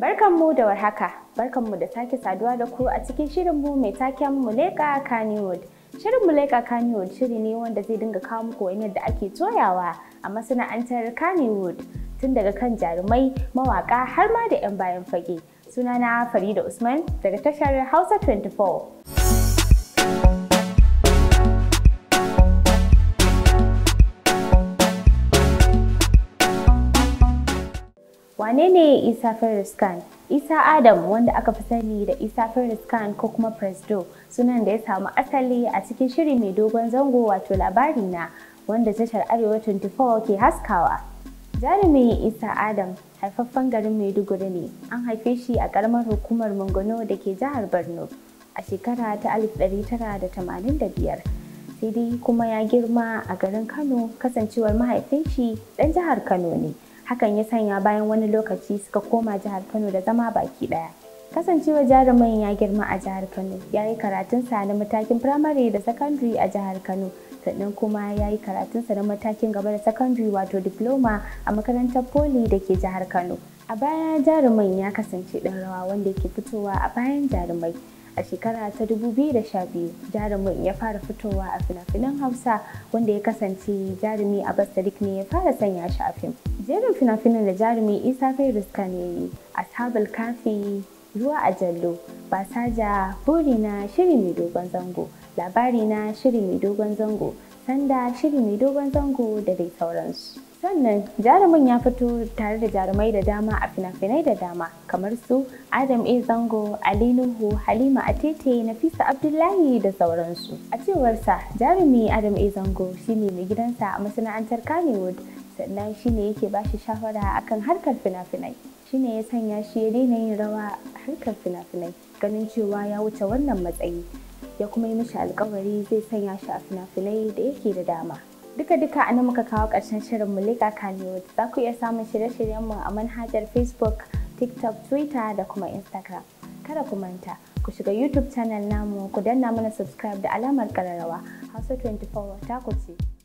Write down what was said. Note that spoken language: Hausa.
barkan mu da warhaka, mu da sake saduwa da ku a cikin shirin mu mai taken Muleka Kannywood. Shirin Muleka Kannywood shiri ne wanda zai dinga kawo muku wani da ake toyawa a masana'antar Kannywood tun daga kan jarumai, mawaka har ma da 'yan bayan fage. Sunana Farida Usman daga tashar Hausa 24. wane ne isa Khan? isa adam wanda aka fi sani da isa Khan ko kuma presdo sunan da ya samu asali a cikin shiri mai dogon zango wato labari na wanda tashar arewa 24 ke haskawa Jarumi isa adam haifaffen garin maiduguri ne an haife shi a karamar hukumar Mangano da ke jihar borno a shekara ta 1985 sai dai kuma ya girma a garin kano kasancewar mahaifin shi dan jihar kano ne hakan ya sanya bayan wani lokaci suka koma jihar kano da zama baki daya kasancewa jarumin ya girma a jihar kano ya yi karatunsa na matakin firamare da sakandire a jihar kano sannan kuma ya yi karatunsa na matakin gaba da sakandire wato diploma a makarantar poli da ke jihar kano a baya jarumin ya kasance ɗan rawa wanda ke fitowa a bayan jarumai a shekara ta 2012 jarumin ya fara fitowa a fina-finan hausa wanda ya kasance jarumi a basarik ne ya fara sanya shi a fim jerin fina da jarumi isa kai riska ne yi sabul kafi ruwa a jallo fasaja, buri na shiri mai dogon zango labari na shiri mai dogon zango sanda shiri mai dogon zango da dai sauransu sannan jarumin ya fito tare da jarumai da dama a finafinai da dama kamar su adam a zango ali nuhu halima atete nafisa abdullahi da sauransu a cewarsa jarumi adam a zango shine mai gidansa a masana'antar kannywood sannan shi ne yake ba shi shawara akan harkar fina-finai ne ya sanya shi ya daina yin rawa a harkar fina-finai ganin cewa ya wuce wannan matsayi ya kuma yi mishi alkawari zai sanya shi a fina-finai da yake da dama duka-duka a muka kawo karshen shirin mulika kanewood za ku iya samun shirye shiryen mu a manhajar facebook tiktok twitter da kuma instagram kada ku manta ku shiga youtube channel namu ku danna mana subscribe da alamar kararrawa hausa 24 ta ku ce